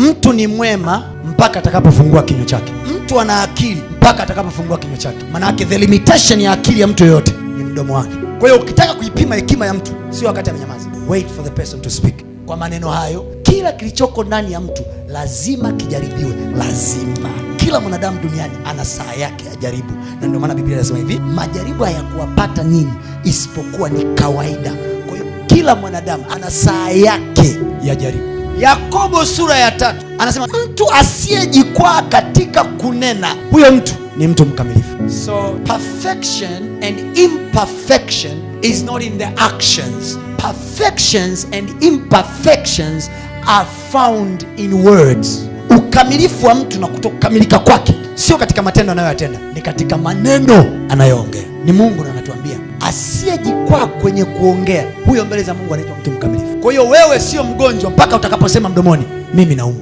Mtu ni mwema mpaka atakapofungua kinywa chake. Mtu ana akili mpaka atakapofungua kinywa chake. Maana yake the limitation ya akili ya mtu yoyote ni mdomo wake. Kwa hiyo ukitaka kuipima hekima ya mtu, sio wakati amenyamaza, wait for the person to speak. Kwa maneno hayo, kila kilichoko ndani ya mtu lazima kijaribiwe, lazima kila mwanadamu duniani ana saa yake ya jaribu, na ndio maana Biblia inasema hivi, majaribu hayakuwapata ninyi isipokuwa ni kawaida. Kwa hiyo kila mwanadamu ana saa yake ya jaribu. Yakobo sura ya tatu anasema mtu asiyejikwaa katika kunena, huyo mtu ni mtu mkamilifu. So perfection and imperfection is not in the actions. Perfections and imperfections are found in words. Ukamilifu wa mtu na kutokamilika kwake sio katika matendo anayoyatenda, ni katika maneno anayoongea. Ni Mungu na anatuambia asiyejikwaa kwenye kuongea, huyo mbele za Mungu anaitwa mtu mkamilifu. Kwa hiyo wewe sio mgonjwa mpaka utakaposema mdomoni, mimi naumwa.